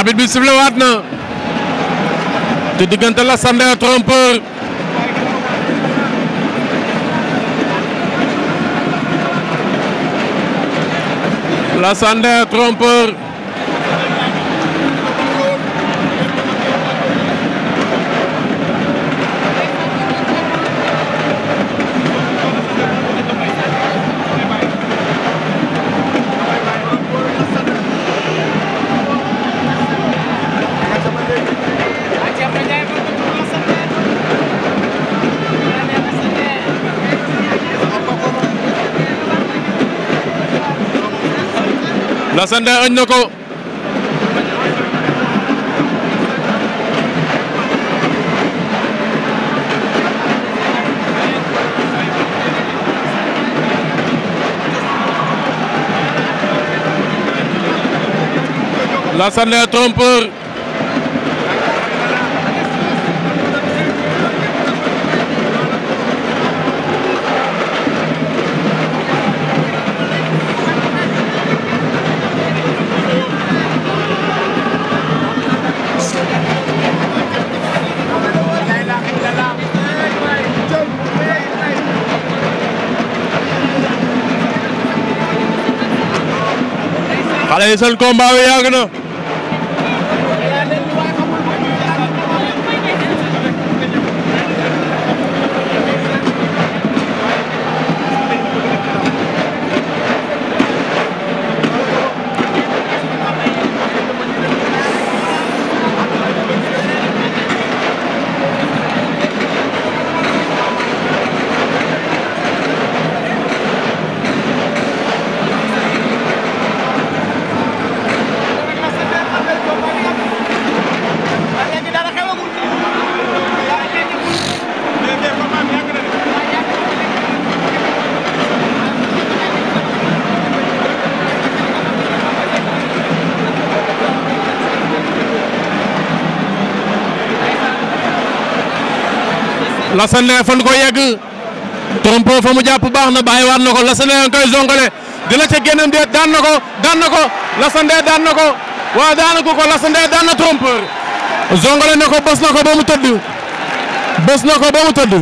arbitre bi sifflé waat na te diggante Lassane Ndeye trompeur Lassane Ndeye trompeur la Ndiaye añ ko Lassane Ndiaye xale yi seen combat bi yàgg na Lassane fan ko yegg Trompo fa mu jàpp baax na bàyyi waat na ko Lassane Ndiaye koy zongale dina ca génnam déet daan na ko daan na ko Lassane daan na ko waaw daana ko ko Lassane daan na trompeur zongale na ko bës na ko ba mu tëdd bës na ko ba mu tëdd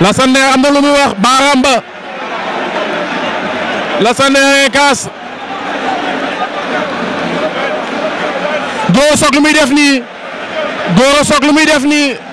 Lassane Ndiaye na lu muy wax baaraam ba Lassane Ndiaye kaas Gora Sock lu muy def nii Gora Sock lu muy def nii